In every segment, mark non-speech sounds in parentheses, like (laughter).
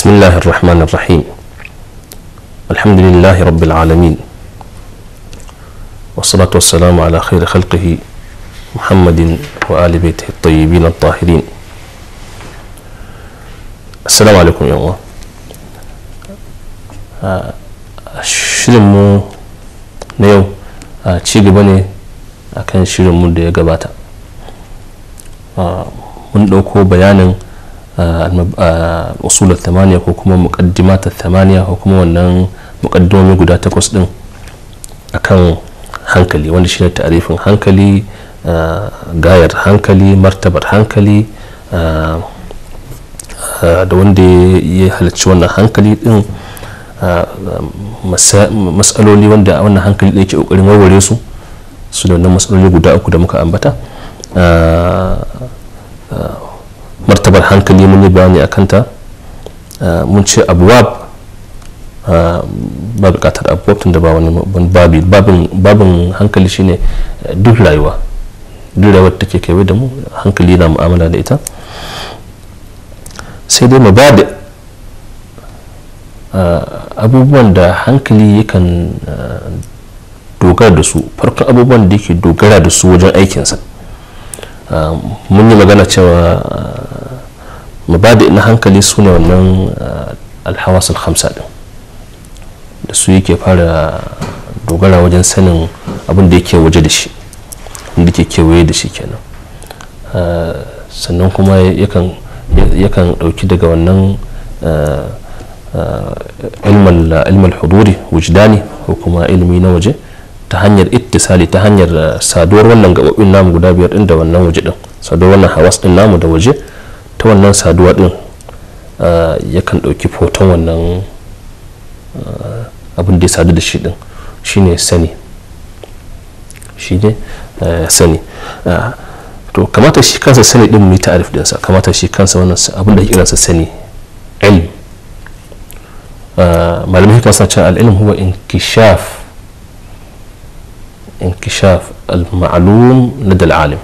بسم الله الرحمن الرحيم الحمد لله رب العالمين والصلاة والسلام على خير خلقه محمد وآل بيته الطيبين الطاهرين السلام عليكم يا الله شرمو نيو yau بني ah, ci شرمو دي قباتا من shirinmu بيانن usul thamaniya ko kuma muqaddimat thamaniya ko kuma wannan muqaddimomi guda takwas din akan hankali wanda shine tarifin hankali gayar hankali martabar hankali da wanda ya halarci wannan hankali din matsaloli wanda wannan hankali da yake kokarin warware su su da wannan matsaloli guda uku da muka ambata martabar hankali mun yi bayani a kanta ah, mun ce abuwab ah, ba bukatar abuwab tun da ba wani babi babin hankali shine eh, duk rayuwa duk rayuwar da ke kewaye da mu hankali na mu'amala da ita sai dai mu ba da ah, abubuwan da hankali yakan dogara da su farkon abubuwan da yake dogara da su wajen aikinsa mun yi magana cewa mabadi ina hankali su ne wannan ah, alhawasul hamsa din da su yake fara dogara wajen sanin abin da yake waje da shi inda ke kewaye da shi kenan ah, sannan kuma yakan ɗauki daga wannan ah, ilmal huduri wujdani ko kuma ilmi na waje ta hanyar ittisali ta hanyar saduwar wannan gaɓaɓɓin namu guda biyar ɗin da wannan waje ɗin saduwar wannan hawas ɗin namu da waje ta wannan saduwa din eh, ya kan ɗauki foton wannan eh, abin da ya sadu da shi din shine sani shi ne eh, sani ah, to kamata shi kansa sani din mai ta'arif dinsa kamata shi kansa wannan abin da kiransa sani ilm ah, malamai shi kansa cewa al'ilm huwa inkishaf inkishaf al maalum na dal'alim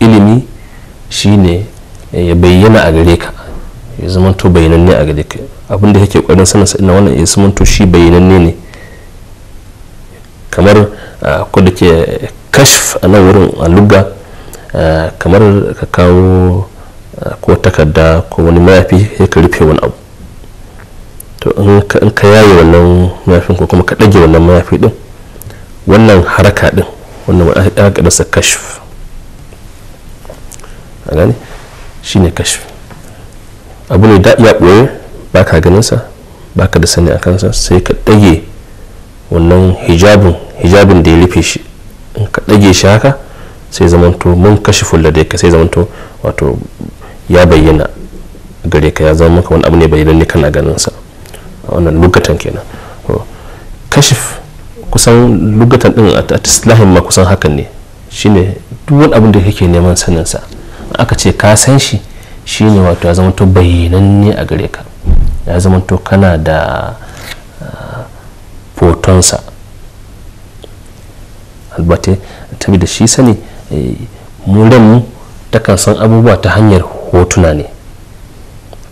ilimi shine eh, ya bayyana a gare ka ya zamanto bayyananne a gare ka abin da kake ƙoƙarin sanin sa wannan ya to shi bayyananne ne kamar ko da ke eh, kashf a nan wurin aluga kamar ka kawo ko takarda ko wani mayafi ya ka rufe wani abu to in ka yaye wannan mayafin ko kuma ka ɗage wannan mayafi din wannan haraka din wannan wadda ya kashf a gane shine kashf abu ne da iya ɓoye ba ka ganinsa ba ka da sani a kansa sai ka ɗage wannan hijabin hijabin da ya rufe shi in ka ɗage shi haka sai zamanto mun kashe fulla da ka sai zamanto wato ya bayyana gare ka ya zama maka wani abu ne bayyana kana ganinsa a wannan lugatan kenan kashif kusan lugatan din a tislahin ma kusan hakan ne shine duk wani abin da kake neman saninsa aka ce ka san shi shine wato ya zama to bayyananne a gare ka ya zama to kana da ah, fotonsa albate bi da shi sani eh, mu mu takan san abubuwa ta hanyar hotuna ne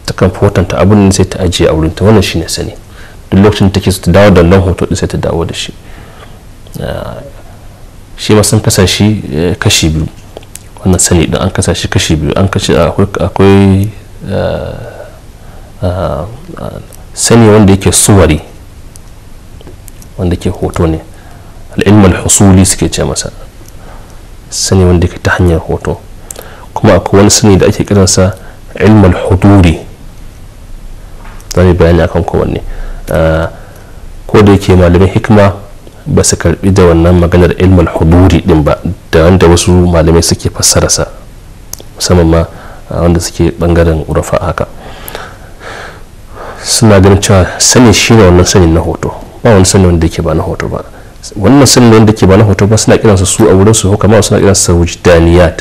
takan fotonta abin da sai ta ajiye a wurinta wannan shine sani duk lokacin take su ta dawo da nan hoto sai ta dawo da shi ah, shi ma sun shi eh, kashi biyu wannan sani din an kasa shi kashi biyu an kashi akwai eh, eh, sani wanda yake suwari wanda ke hoto ne al'ilmul husuli suke ce masa sani wanda yake ta hanyar hoto kuma akwai wani sani da ake kiransa ilmul huduri zai bayani akan kowanne eh, ko da yake malamin hikima ba su karbi da wannan maganar ilmul huduri din ba da wanda wasu malamai suke fassara sa musamman ma wanda suke bangaren urafa haka suna ganin cewa sani shi ne wannan sanin na hoto ba wani sanin wanda ke ba na hoto ba wannan sanin wanda ke ba na hoto ba suna kiransa su a wurin su kamar suna kiransa wujdaniyat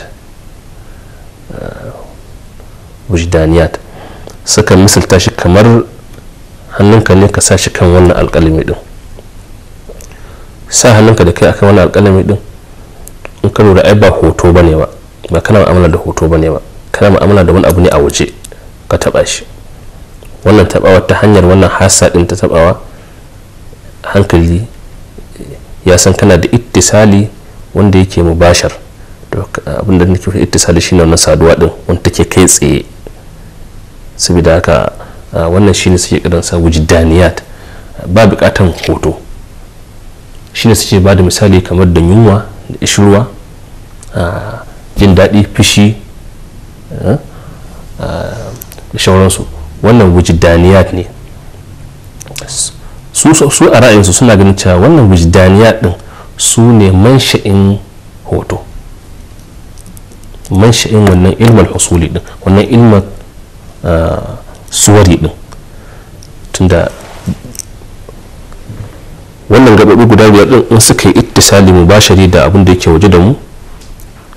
wujdaniyat sukan misalta shi kamar hannunka ne ka sa shi kan wannan alƙalami din sa hannunka da kai akan wannan alƙalami din in ka lura ai ba hoto ba ne ba ba kana ma'amala da hoto ba ne ba kana ma'amala da wani abu ne a waje ka taɓa shi wannan taɓawa ta hanyar wannan hasa ɗin ta taɓawa hankali ya san kana da ittisali wanda yake mubashar da nake ittisali shine wannan saduwa ɗin wanda take kai tsaye saboda haka wannan shine suke sa wujdaniyat ba bukatan hoto shine suke ba da misali kamar da yunwa ishirwa ah, jin daɗi fushi eh, ah, da shauransu wannan wujidaniyat ne su a ra'ayinsu suna ganin cewa wannan wujidaniyat ɗin su ne mansha'in hoto mansha'in wannan ilmal husuli ɗin wannan ilmar ah, suwari ɗin tunda wannan gaɓaɓi guda biyar ɗin in suka yi ittisali mu bashari da abin da yake waje da mu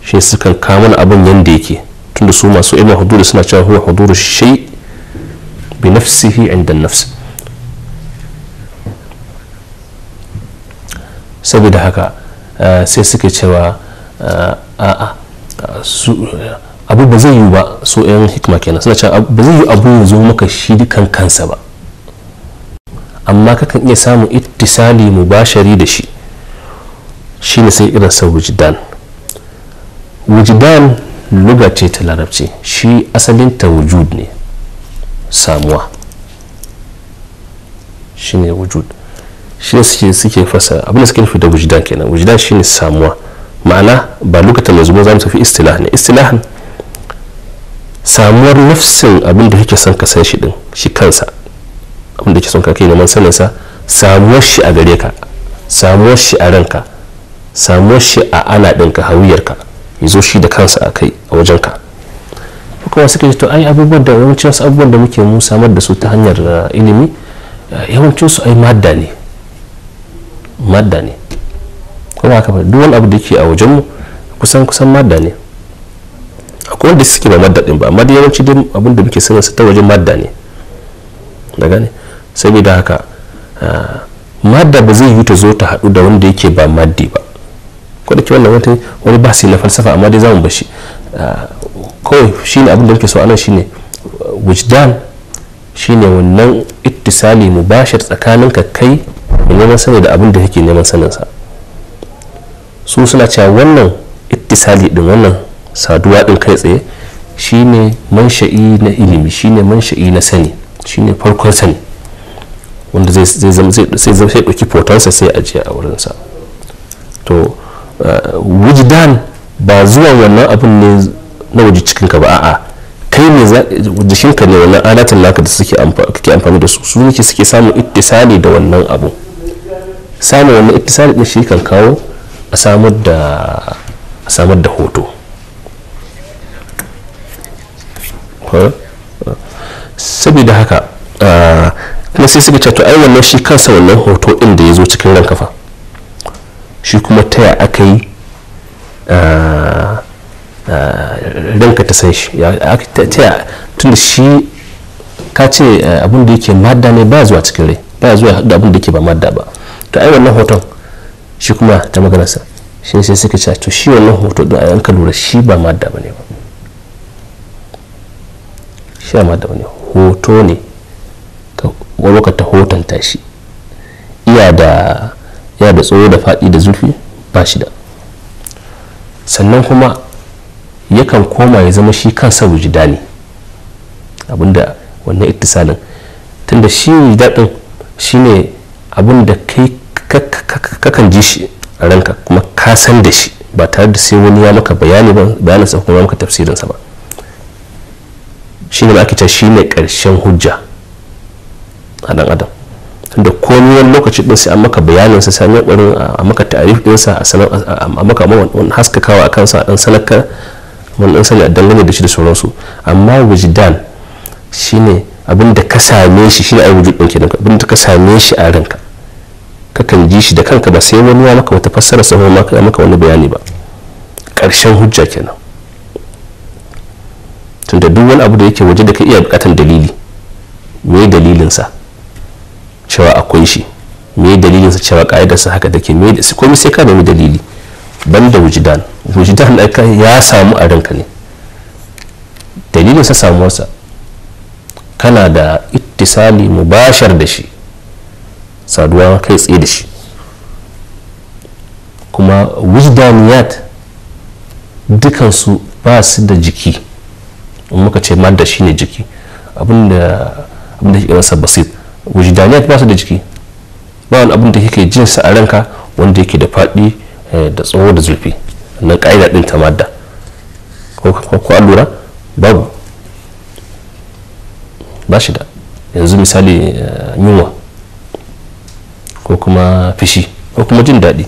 shi sukan kama abin yanda yake tunda su masu ilmin huduri suna cewa huwa huduru shai bi nafsihi inda nafs saboda haka eh, sai suka cewa eh, su abu ba zai yi ba su yan hikma kenan suna cewa ba zai yi abu ya zo maka shi dukan kansa ba amma kakan iya samun ittisali mubashari da shi shine sai irin sa wujdan wujdan luga ce ta larabci shi asalin ta wujud ne samuwa shine wujud shi suke suke fasa abin da suke nufi da wujdan kenan wujdan shine samuwa ma'ana ba lokacin zuba zuwa zamu tafi istilah ne istilah samuwar nafsin abin da kake son ka san shi din shi kansa abin da ke son kai neman sanin sa samuwar shi a gare ka samuwar shi a ranka samuwar shi a ana ɗinka hawiyarka ya zo shi da kansa a kai a wajen ka kuma suka ce to ai abubuwan da yawancin wasu abubuwan da muke mu samar da su ta hanyar eh, ilimi eh, yawancin su ai madda ne madda ne kuma haka duk wani abu da ke a wajen mu kusan kusan madda ne akwai wanda suke ba madda din ba amma yawanci dai abin da muke sanin su ta wajen madda ne daga ne saboda haka ah, madda ba zai yi ta zo ta haɗu da wanda yake ba maddi ba ko da ke wannan wata wani ba na falsafa amma dai zamu bashi ah, kawai shi ne abin da muke so anan shine wujdan ne wannan ittisali mubashir tsakanin ka kai da neman sani da abin da kake neman sanin sa su suna cewa wannan ittisali din wannan saduwa din kai tsaye shi shine mansha'i na ilimi shi shine mansha'i na sani shi ne farkon sani wanda zai ɗauki fotonsa sai jiya a wurinsa to uh, wujdan ba zuwa wannan abin ne na waje cikinka ba a'a kai ne jikinka ne wannan alatin naka da suke amfani da su su ne suke samun ittisali da wannan abu samun wannan ittisali din shi kan kawo a samar da a samar da hoto saboda haka uh, kuma sai suka ce to ai wannan shi kansa wannan hoto inda ya zo cikin ranka fa shi kuma taya aka yi ah, ah, ranka ta san shi taya tun da shi ka ce eh, abin da yake madda ne ba zuwa cikin rai ba zuwa da abin da yake ba madda ba to ai wannan hoton shi kuma ta maganarsa shi sai suka ce to shi wannan hoto da ayan ka lura shi ba madda ba ne ba shi ba madda ba ne hoto ne warwaka ta hotonta shi iya da ya da tsoro da faɗi da zurfi ba shi da sannan kuma yakan koma ya zama shi kansa wujidani ne abinda wannan ittisalin tunda shi wujidadin shi ne abinda kai kakan ji shi a ranka kuma ka san da shi ba tare da sai wani ya maka bayani ba bayaninsa kuma ya maka tafsirinsa ba shi ne ba ake shi ne ƙarshen hujja a dan adam da komai wani lokaci din sai an maka bayanin sa sai a maka tarif din sa a maka wani haskakawa a kansa a dan sanaka wani dan sani a dangane da shi da sauransu amma wujdan shine abin da ka same shi shine ai wujud din kenan abin da ka same shi a ranka kakan ji shi da kanka ba sai wani ya maka wata fassara sabo maka maka wani bayani ba karshen hujja kenan tunda duk wani abu da yake waje da ka iya bukatan dalili me dalilinsa cewa akwai shi me dalilin sa cewa ka'idar sa haka take me su komai sai ka nemi dalili banda wujidan wujidan da ya samu a ranka ne dalilin sa sa kana da ittisali mubashar da shi saduwa kai tsaye da shi kuma wujdaniyat dukansu ba su da jiki in muka ce madda shine jiki abinda abinda shi masa basit wujdaniyat ba su da jiki ba wani abin da kake jin sa a ranka wanda yake da faɗi eh, da tsawo da zulfi na ka'ida din ta madda ko an lura babu ba shi da yanzu misali eh, yunwa ko kuma fishi ko kuma jin daɗi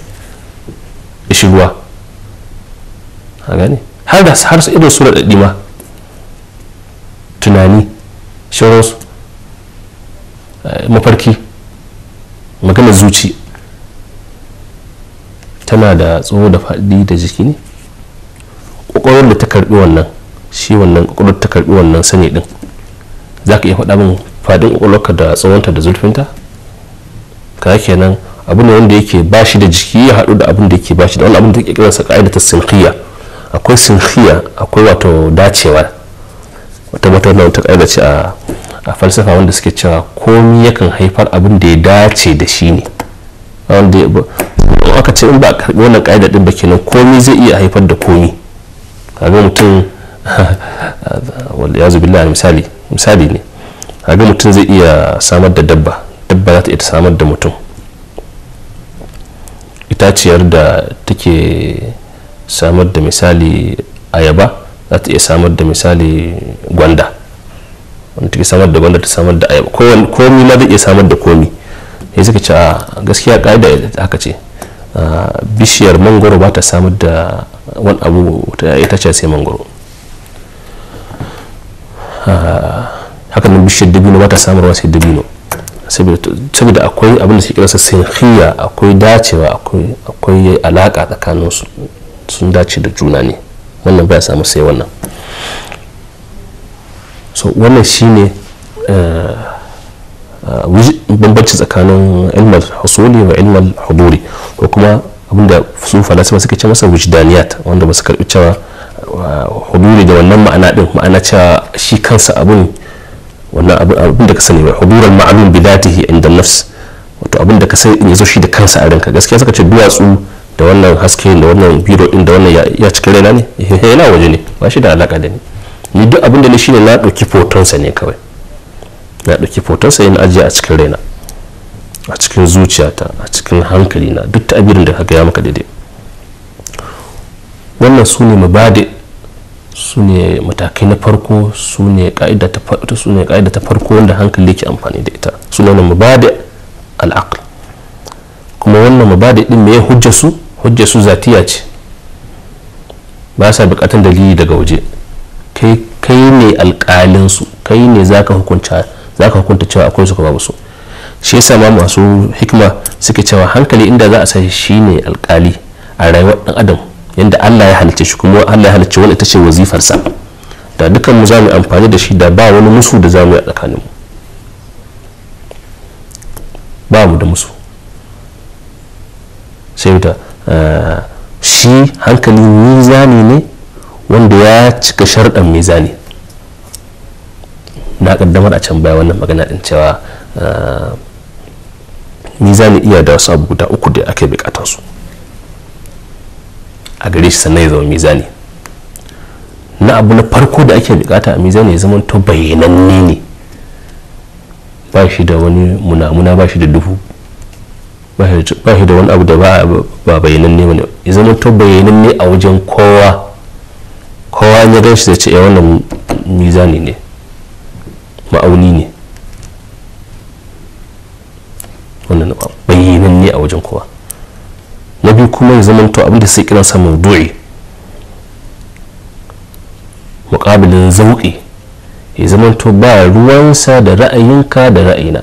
ishirwa a gani har da har su irin su raɗaɗi ma tunani shawararsu Eh, mafarki maganar zuci tana da tsoho da faɗi da jiki ne ƙwaƙwarar da ta karɓi wannan shi wannan ƙwaƙwarar ta karɓi wannan sani ɗin za ka iya faɗa min faɗin ƙwaƙwarar da tsawonta da zurfinta ka kenan abu ne wanda yake ba shi da jiki ya haɗu da abin da yake ba shi da wani abin da yake kiransa ƙa'ida ta sinhiya akwai sinhiya akwai wato dacewa wata mata wata ƙa'ida ce a a falsafa wanda suke cewa komi yakan haifar abin da ya dace da shi ne wanda aka ce in ba karbi wannan ka'ida din ba kenan komi zai iya haifar da komi kaga mutum (laughs) ya zubi misali misali ne kaga mutum zai iya samar da dabba dabba za ta iya samar da mutum itaciyar da take samar da misali ayaba za ta iya samar da misali gwanda wanda take samar da wanda ta samar da komi ma zai iya samar da komi sai suka ce a gaskiya ƙa'ida haka ce bishiyar mangoro ba ta samar da wani abu ita ce sai mangoro haka nan bishiyar dabino ba ta samarwa sai dabino saboda akwai abin da suke sa sinhiya akwai dacewa akwai alaka tsakanin su sun dace da juna ne wannan baya samu sai wannan so wannan shine eh, eh, bambanci tsakanin ilmal husuli wa ilmal huduri ko kuma abinda su falasifa suka ce masa wujdaniyat wanda ba su karbi cewa eh, huduri da wannan ma'ana din ma'ana cewa shi kansa abin wannan abin da ka sani mai hudurar ma'alum bi datihi inda nafs wato abin da ka sani in yazo shi da kansa a ranka gaskiya suka ce duwatsu da wannan haske da wannan biro din da wannan ya cikin raina ne (laughs) yana waje ne ba shi da alaka da ni ni duk abin da shi ne na ɗauki fotonsa ne kawai na ɗauki fotonsa yana ajiye a cikin raina a cikin zuciyata a cikin hankali na duk ta'abirin da ka ya maka daidai wannan su ne mabade su ne matakai na farko su ne ka'ida ta farko wanda hankali ke amfani da ita su ne mabade al'aql kuma wannan mabade din me ya hujja su hujja su zatiya ce ba sa bukatan dalili daga waje kai ne alkalinsu kai ne za ka hukunta cewa akwai su babu su shi yasa ma masu hikima suke cewa hankali inda za a sa shi ne alƙali a rayuwar dan adam yadda allah ya halicce shi kuma allah ya halicce wani ita ce wazifarsa da dukan mu za mu amfani da shi da ba wani musu da za mu yi a tsakaninmu ba mu da musu sai wuta ah, shi hankali ni nizami ne wanda ya cika sharɗan mizani na kaddamar a can baya wannan magana ɗin cewa ah, mizani iya da wasu abu guda uku da ake su a gare shi sannan ya zama mizani na abu na farko da ake bukata a mizani ya zama to bayananne ne ba shi da wani munamuna ba shi da duhu ba shi da wani abu da ba bayananne ne ya zama to ne a wajen kowa kowa ya gan shi zai ce eh, wannan mizani ne ma'auni ne wannan bayyanan ne a wajen kowa na biyu kuma ya zama to abinda sai kiransa maudu'i mukabilin zauƙi ya zama to ba ruwansa da ra'ayinka da ra'ayina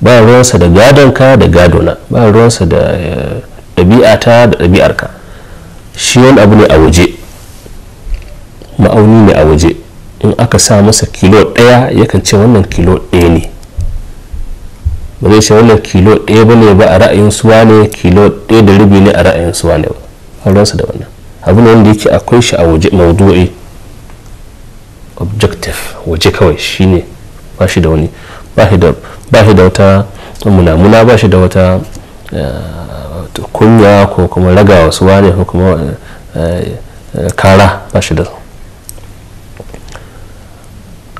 ba ruwansa da gadonka da gadona ba ruwansa da eh, ɗabi'ata da ɗabi'arka shi wani abu ne a waje ma'auni ne a waje in aka sa masa kilo ɗaya yakan ce wannan kilo ɗaya ne ba zai ce wannan kilo ɗaya ba ne ba a ra'ayin suwa ne kilo ɗaya da rubi ne a ra'ayin suwa ne ba hauransa da wannan abu ne wanda yake akwai shi a waje maudu'i objective waje kawai ne ba shi da wani ba shi da wata munamuna ba shi da wata eh, kunya ko kuma ragawa suwa ne ko kuma eh, eh, kara ba shi da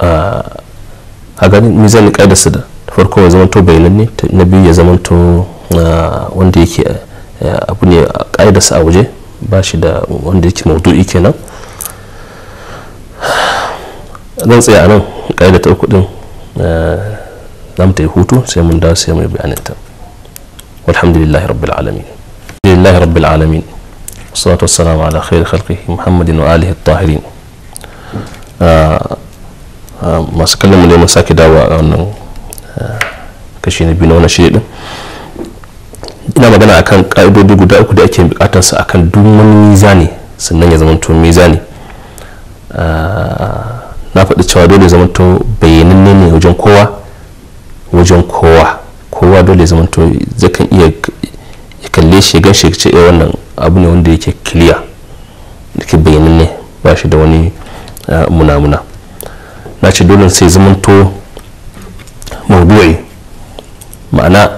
a ganin me zai da su da farko ya zamanto bayanan ne na biyu ya zamanto ah, wanda yake ah, abu ne ah, a sa a waje ba shi da wanda yake maudu'i kenan zan tsaya a nan ƙa'idar ta uku din mu ta yi hutu sai mun da sai mai ta walhamdulillahi rabbil alamin alhamdulillahi rabbil alamin salatu wassalamu ala khair khalqi muhammadin wa alihi at-tahirin masu kallon mu ne sake dawo a wannan eh, kashi na biyu na wannan shirin ina magana akan ka'idodi guda uku da ake bukatar su akan duk wani mizani sannan ya zamanto mizani eh, na faɗi cewa dole zamanto bayyananne ne wajen kowa wajen kowa kowa dole zamanto zai kan iya ya kalle shi gan shi ce eh, wannan abu ne wanda yake kiliya da ke bayyananne ba shi da wani muna munamuna na ce dole sai zamanto maudu'i ma'ana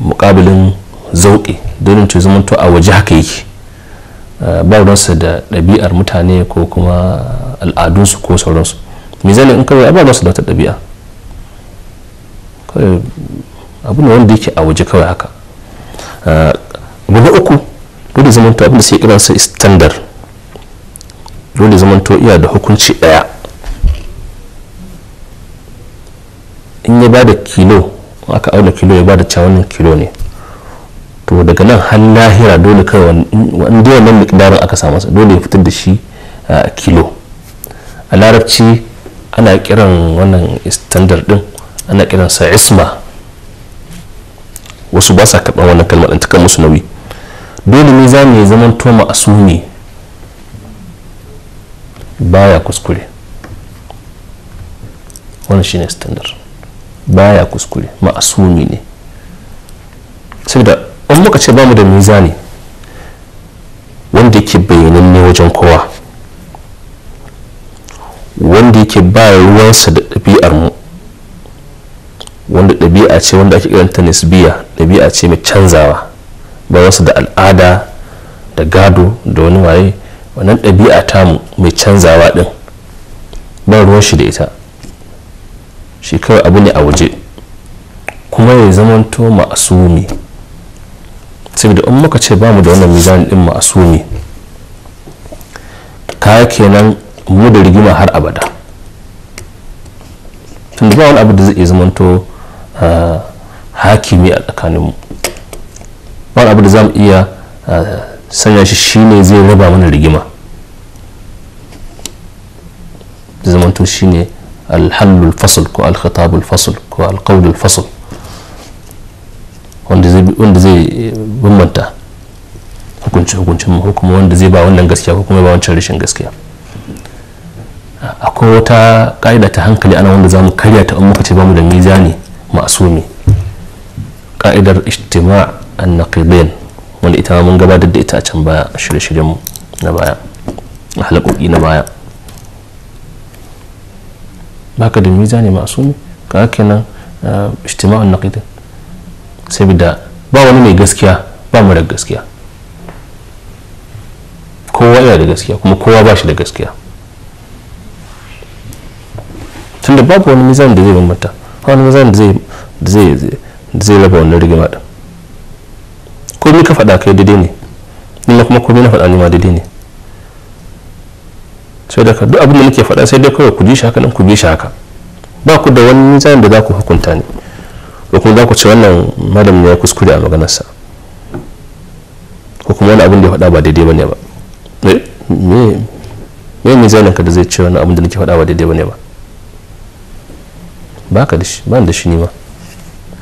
mukabilin zauƙi dole ce zamanto a waje haka yake ba ruwansa da ɗabi'ar mutane ko kuma al'adunsu ko sauransu misali in kawai ba ruwansa da wata ɗabi'a abu ne wanda yake a waje kawai haka abu na uku dole zamanto abinda da sai kiransa standard dole zamanto iya da hukunci ɗaya in ya ba da kilo aka auna kilo ya ba da cewa kilo ne to daga nan har lahira dole kai wanda wannan mikdarin aka samu dole ya fitar da shi a kilo a larabci ana kiran wannan standard din ana kiran sa isma wasu ba sa karɓar wannan kalmar ɗin cikin musu dole ne za mu yi zaman toma a suni baya kuskure wannan shine standard baya kuskure ma'asumi ne saboda wani lokaci ba mu da mizani wanda yake ne wajen kowa wanda yake ba ruwansa da ɗabi'ar mu wanda ɗabi'a ce wanda ake ta nisbiya ɗabi'a ce mai canzawa ba wasu da al'ada da gado da wani waye wannan ɗabi'a tamu mai canzawa ɗin ba ruwan shi da ita shi kawai abu ne a waje kuma ya zamanto ma'asumi saboda in muka ce ba mu da wannan mizani din ma'asumi ka kenan mu da rigima har abada tunda ba wani abu da zai iya zamanto ah, hakimi a tsakaninmu wani abu da za mu iya ah, sanya shi shine zai raba mana rigima zamanto shine alhallul fasl ko alkhitabul fasl ko alqaulul fasl wanda zai bambanta hukunci hukuncin mu kuma wanda zai ba wannan gaskiya ko kuma ba wancan rashin gaskiya akwai wata ka'ida ta hankali ana wanda za mu karya ta in muka ce bamu da mizani masumi ka'idar ijtima' an-naqidain wanda ita mun gabatar da ita a can baya shirye-shiryen na baya a halakoki na baya baka da mizani ne ka nan ijtima'un naqidin saboda ba wani mai gaskiya ba mara gaskiya kowa yana da gaskiya kuma kowa ba shi da gaskiya tunda babu wani mizani da zai bambanta wani mizani da zai raba wannan rigima din komai ka faɗa kai daidai ne illa kuma komai na faɗa ni ma daidai ne sai da duk abin da nake faɗa sai dai kawai ku ji shi haka nan ku bi shi haka ba ku da wani nizamin da za ku hukunta ne ko kuma za ku ce wannan madam ya kuskure a maganarsa ko kuma wani abin da ya faɗa ba daidai bane ba me me nizamin ka da zai ce wani abin da nake faɗa ba daidai bane ba ba ka da shi ba da shi ne ma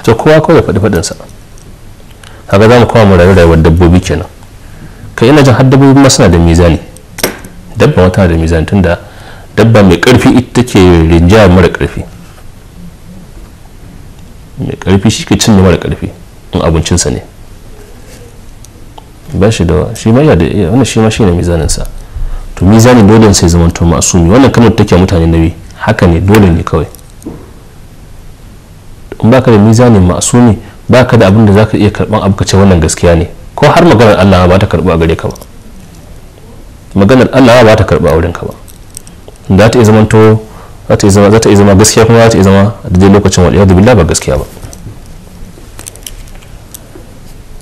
to kowa kawai faɗi faɗinsa haka za mu kawo mu rayuwar dabbobi kenan kai ina jin har dabbobi ma suna da mizani dabba wata da mizan tunda dabba mai karfi ita ke rinja mara karfi mai karfi shi ke cinye mara karfi in abincinsa ne ba shi da shi ma da wani shi ma shi ne mizaninsa to mizanin dole sai zaman to ne wannan kamar take mutane nabi haka ne dole ne kawai in baka da mizanin masumi baka da abin da zaka iya karban abu ka ce wannan gaskiya ne ko har maganar Allah ba ta karbu a gare ka ba maganar Allah ba ta karba wurin ka ba da ta zama to za ta zama zama gaskiya kuma za ta zama a daidai lokacin wal iyadu billah ba gaskiya ba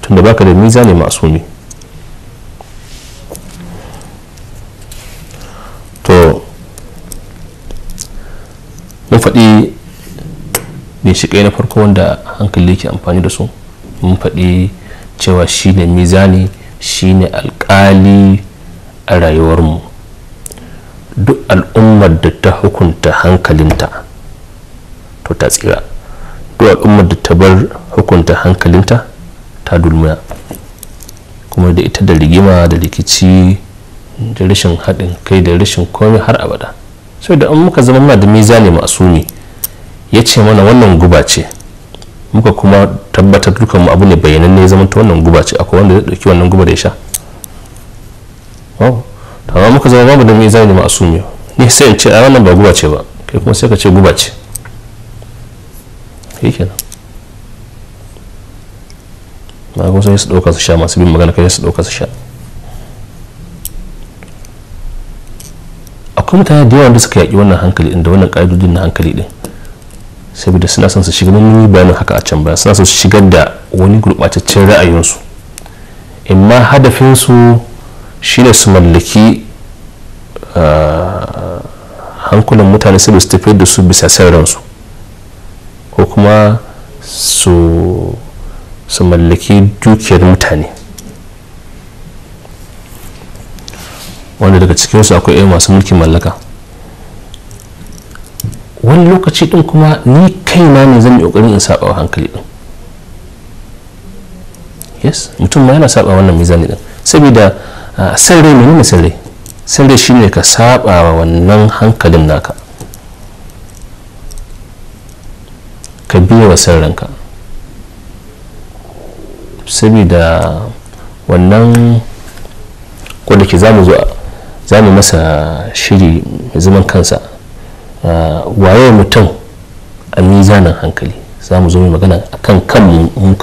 tunda baka da ne masumi to mun faɗi binshiƙai na farko wanda hankali ke amfani da su mun faɗi cewa shi ne mizani shi ne alkali. a rayuwarmu duk al'ummar da ta hukunta hankalinta to ta tsira duk al'ummar da ta bar hukunta hankalinta ta dulmiya kuma da ita da rigima da rikici da rashin haɗin kai da rashin komai har abada sau da an muka zama muna da masu masumi ya ce mana wannan guba ce muka kuma tabbatar dukanmu abu ne bayanan ne zama ta wannan guba ce akwai wanda ya ɗauki wannan guba da ya sha Oh, to amma muka zama babu da mizani ma'asumi ni sai in ce a wannan ba guba ce ba kai kuma sai ka ce guba ce kenan na ga sai su dauka su sha masu bin magana kai su dauka su sha akwai mutane da yawa da suka yaƙi wannan hankali inda wannan ƙa'idodin na hankali din saboda suna son su shiga nan yi bayanin haka a can baya suna son su shigar da wani gurɓataccen ra'ayinsu imma hadafinsu shine su mallaki ah, hankulan mutane su su tafi da su bisa sauransu ko kuma su mallaki dukiyar mutane wanda daga cikinsu akwai iya masu mulkin mallaka wani lokaci din kuma ni kaina ne zan yi kokarin in saba wa hankali din yes mutum ma yana saba wannan mizani din saboda Ah, san rai nuna san rai san rai shine ka saba wa wannan hankalin naka ka biya wa san ranka saboda wannan wanda ke zamu za zamu masa shiri mai zaman kansa ah, waye mutum a mizanin hankali za mu zo mai magana a kan kanmu mu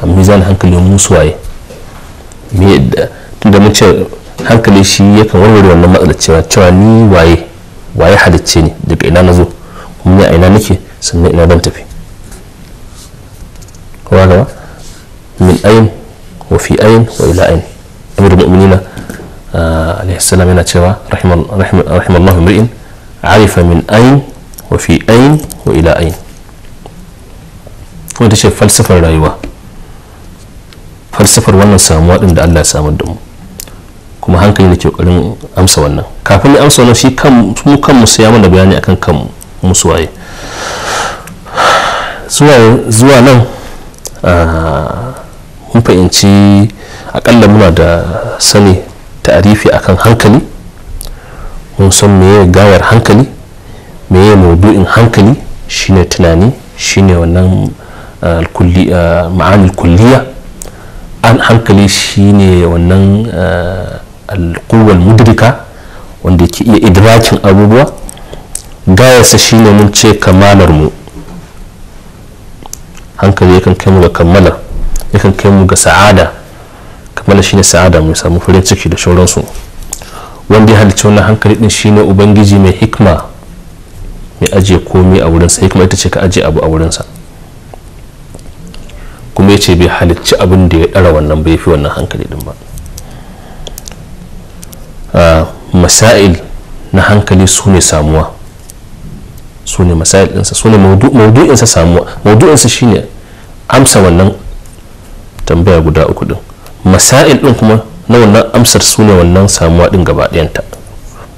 a mizanin hankali mu suwaye me yadda da muke ce hankali shi yake warware wannan matsalar cewa cewa ni waye waye halicce ne daga ina nazo kuma ni a ina nake sannan ina zan tafi wala wa min ayin wa fi ayin wa ila ayin amir mu'minina alayhi salam yana cewa Allah mri'in arifa min ayin wa fi ayin wa ila ayin wanda ce falsafar rayuwa falsafar wannan samuwa din da Allah ya samu da mu kuma hankali da ke kokarin amsa wannan kafin ni amsa wannan shi kan mu kanmu sai mana bayani akan kan musu waye zuwa nan mun fahimci akalla muna da sani ta'arifi akan hankali mun san meye gawar hankali meye maudu'in hankali shine tunani shine wannan ma'anin kulliya an hankali shine wannan alkuwar mudrika wanda ke iya idrakin abubuwa gayarsa shine mun ce kamalar mu hankali yakan kai mu ga kammala yakan kai mu ga sa'ada kammala shine sa'ada mu samu farin ciki da sauransu wanda ya halicci wannan hankali din shine ubangiji mai hikma mai ajiye komai a wurinsa hikma ita ce ka ajiye abu a wurinsa kuma ya ce bai halicci abin da ya ɗara wannan bai fi wannan hankali din ba Ah, masail na hankali su ne samuwa su ne masail ɗinsa su ne maudu'insa samuwa maudu'insa shine amsa wannan tambaya guda uku ɗin masail ɗin kuma na wannan amsar su ne wannan samuwa ɗin gaba ɗayanta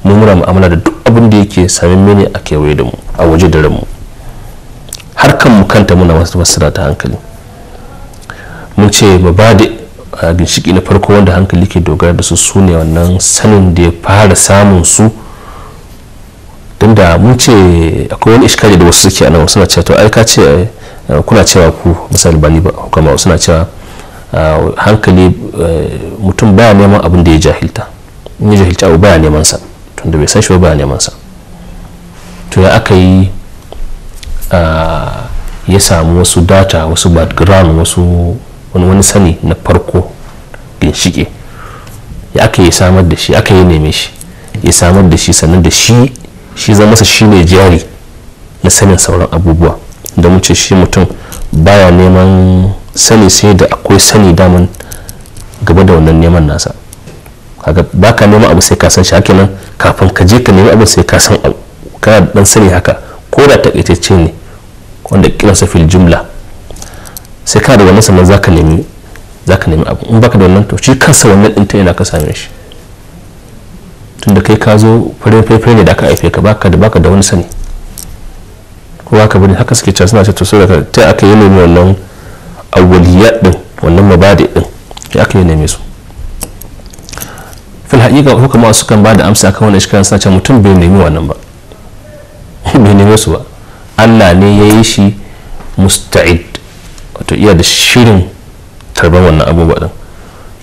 mu muna mu'amala da duk abin da yake samin mene a kewaye da mu a waje da ranmu har kan mu kanta muna wasu fassara ta hankali mun ce da. ginshiki na farko wanda hankali ke dogara da su sune ne wannan sanin da ya fara samun su don da mun ce akwai wani iskari da wasu suke anan suna cewa to ai ka ce eh, kuna cewa ku misali ni ba kuma suna cewa eh, hankali eh, mutum baya neman abin da ya jahilta in ya jahilta abu baya neman sa tunda bai san shi ba baya neman sa to ya aka yi ya samu wasu data wasu background wasu wani wani sani na farko ginshike ya aka yi samar da shi aka yi neme shi ya samar da shi sannan da shi shi zama sa shi ne jari na sanin sauran abubuwa da muce shi mutum baya neman sani sai da akwai sani daman gaba da wannan neman nasa kaga baka neman abu sai ka san shi hakinan kafin ka je ka nemi abu sai ka san abu kana dan sani haka ko da takaitacce ne wanda kiransa fil jumla sai ka da wannan sannan za ka nemi za ka nemi abu in baka da wannan to shi kansa wannan ɗin ta yana ka same shi tunda kai ka zo farin faifai ne da aka haife ka baka da baka da wani sani ko haka bane haka suke cewa suna ce to saboda ta aka yi nemi wannan awwaliyat din wannan mabadi din ya aka yi nemi su fil ko kuma su kan ba da amsa akan wannan shikan suna cewa mutum bai nemi wannan ba (laughs) bai nemi su ba Allah ne ya yi shi musta'id to iya da shirin tarban wannan abubuwa din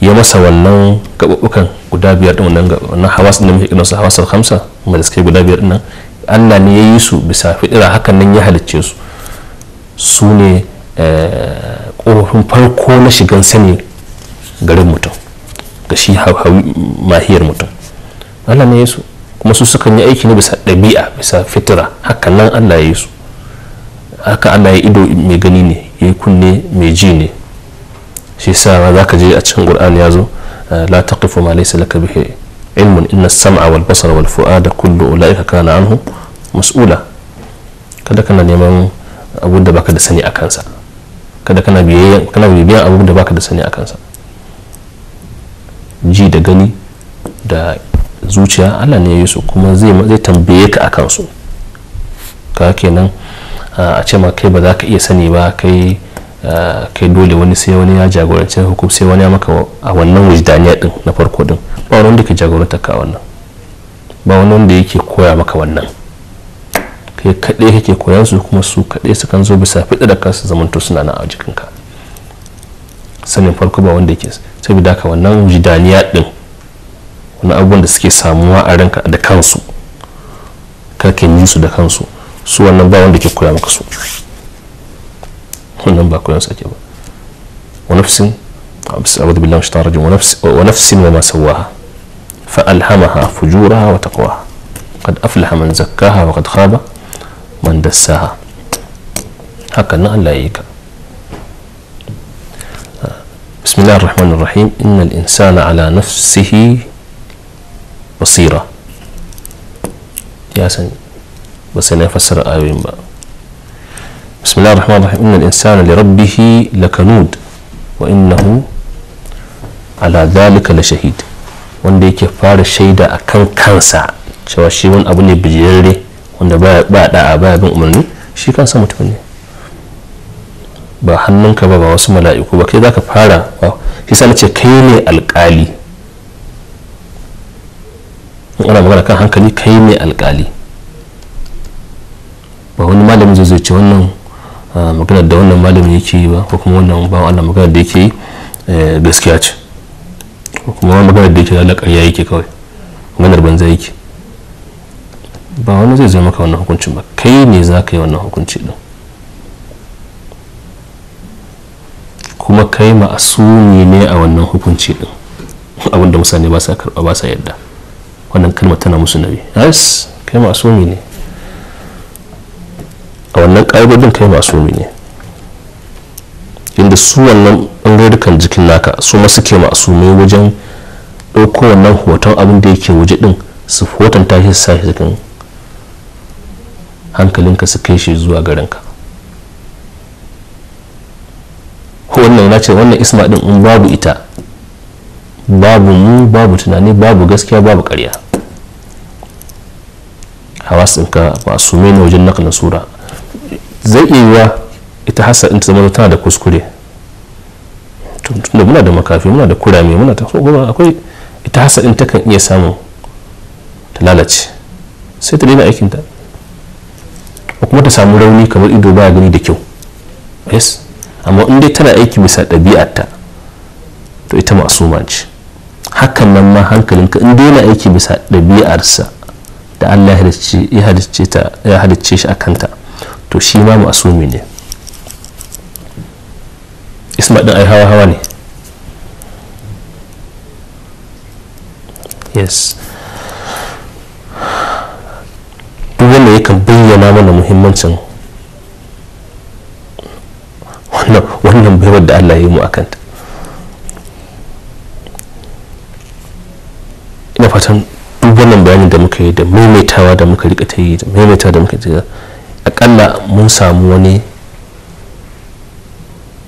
ya masa wannan gaɓuɓɓukan guda biyar ɗin wannan wannan hawas din da muke ƙinansu hawas al mai suke guda biyar ɗin nan Allah ne ya yi su bisa fiɗira hakan nan ya halicce su su ne eh, ƙofofin farko na shigan sani garin mutum ga shi mahiyar mutum Allah ne ya yi su kuma su sukan yi aiki ne bisa ɗabi'a bisa fitira hakan nan Allah ya yi su haka Allah ya ido mai gani ne ya kunne mai ji ne shi sa za ka je a cikin ƙur'an ya zo eh, la taqifu ma laisa laka bihe ilmun inna sam'a wal basara wal da kullu ulaika kana anhu mas'ula kada kana neman abu da baka da sani a kansa kada kana biyayyan kana bibiyan abu da baka da sani a kansa ji da gani da zuciya Allah ne ya yi su kuma zai tambaye ka a kansu ka kenan a ce ma kai ba za ka iya sani ba kai kai dole wani sai wani ya jagoranci hukum sai wani ya maka a wannan wujdaniya din na farko din ba wani wanda ke jagoranta ka wannan ba wani wanda yake koya maka wannan kai kaɗai kake koyan su kuma su kaɗai sukan zo bisa fiɗa da kansu zamanto suna nan a jikinka sanin farko ba wanda yake saboda haka wannan wujdaniya din wani abubuwan da suke samuwa a ranka da kansu karka yi su da kansu su wannan ba wanda ke kula maka su wannan ba kulansu ake ba wa nafsin بالله من الشيطان ونفس, ونفس وما سواها فألهمها فجورها وتقواها قد أفلح من زكاها وقد خاب من دساها هكذا الله يك بسم الله الرحمن الرحيم إن الإنسان على نفسه بصيرة يا سيدي ba sai na fassara ayoyin ba bismillah rahman rahim innal insana li rabbihi lakanud wa innahu la shahid wanda yake fara shaida a kan kansa cewa shi wani abu ne bijirarre wanda ba da'a baya bin umarni shi kansa mutum ne ba hannunka ba ba wasu mala'iku ba kai zaka fara shi sa ce kai ne alkali in ana magana kan hankali kai ne alkali ba wani malamin zai zai ce wannan maganar da wannan malamin yake yi ba ko kuma wannan ba Allah maganar da yake yi eh, gaskiya ce ko kuma maganar da yake da ya yake kawai maganar banza yake ba wani zai zai maka wannan hukuncin ba kai ne za ka yi wannan hukunci din kuma kai ma'asumi ne a wannan hukunci din abinda mutane ba sa karɓa ba sa yadda wannan kalmar tana musu nabi yes kai ma'asumi ne a wannan ƙa'idodin kai masumi ne inda su wannan jikin naka su ma suke masumai wajen ɗauko wannan hoton abin da yake waje ɗin su hoton ta shi sa shi hankalinka su kai shi zuwa garinka wannan na ce wannan isma ɗin in babu ita babu mu babu tunani babu gaskiya babu ƙarya hawasinka mai na wajen nakalin sura zai iya yiwa ita hasa in ta zama tana da kuskure tunda muna da makafi muna da kurame muna ta so kuma akwai ita hasa in kan iya samun ta lalace sai ta daina aikinta ba kuma ta samu rauni kamar ido ba gani da kyau yes amma in dai tana aiki bisa ɗabi'arta to ita masu ce hakan nan ma hankalinka in dai na aiki bisa ɗabi'arsa da Allah ya halicce ta ya halicce shi a kanta to shi ma masumi ne isma din ai hawa hawa ne yes duk wanda kan bayyana mana muhimmancin wannan baiwar da allah ya yi mu a kanta ina fatan duk wannan bayanin da muka yi da maimaitawa da muka rika ta yi da maimaitawa da muka yi akalla mun samu wani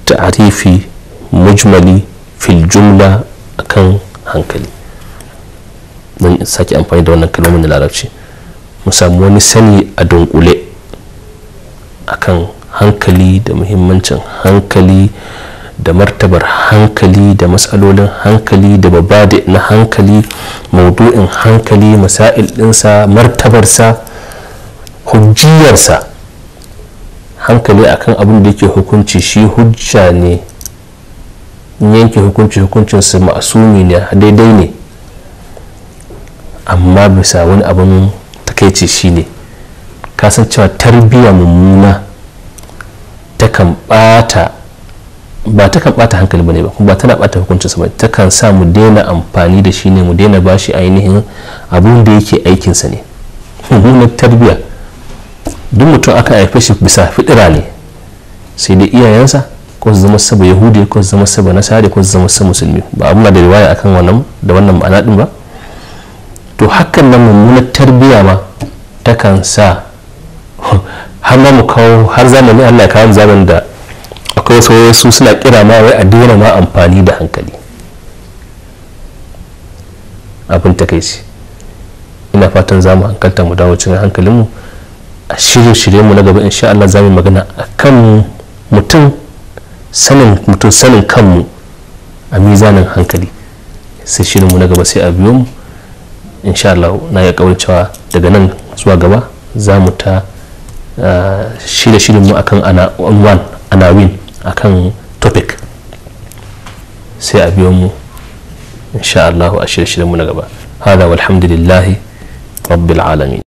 ta'arifi mujmali fil jumla akan hankali don sake amfani da wannan kalmomin da larabci mun samu wani sani a dunkule akan hankali da muhimmancin hankali da martabar hankali da matsalolin hankali da babade na hankali maudu'in hankali masail ɗinsa martabarsa hujjiyarsa hankali akan abin da yake hukunci shi hujja ne yanke hukunci hukuncin su ma'asumi ne daidai ne amma bisa wani abin takaici shi ne kasan cewa tarbiyya mummuna takan bata ba takan bata hankali ne ba ba tana bata su ba ta kan sa mu daina amfani da shi ne mu daina bashi ainihin abin da yake aikinsa ne mummunar tarbiyya duk mutum aka haife shi bisa fitira ne sai dai iyayensa ko su zama saba yahudi ko su zama saba nasari ko su zama saba musulmi ba abu da riwaya akan wannan da wannan ma'ana din ba to hakan nan mummunar tarbiyya ma ta kan sa (laughs) har ma mu kawo har zamanin Allah ya kawo zamanin da akwai wasu wasu suna kira ma wai a daina ma amfani da hankali abin takaici ina fatan za mu hankalta mu dawo cikin hankalinmu a shirin shirye mu na gaba insha Allah za mu magana a kan mutum sanin mutum sanin kanmu a mizanin hankali sai shirin mu na gaba sai a biyo mu insha Allah na ya kawar cewa daga nan zuwa gaba za mu ta ah, shirye shirin mu akan ana unwan ana win akan topic sai a biyo mu insha Allah a shirye shirin mu na gaba hada walhamdulillahi rabbil alamin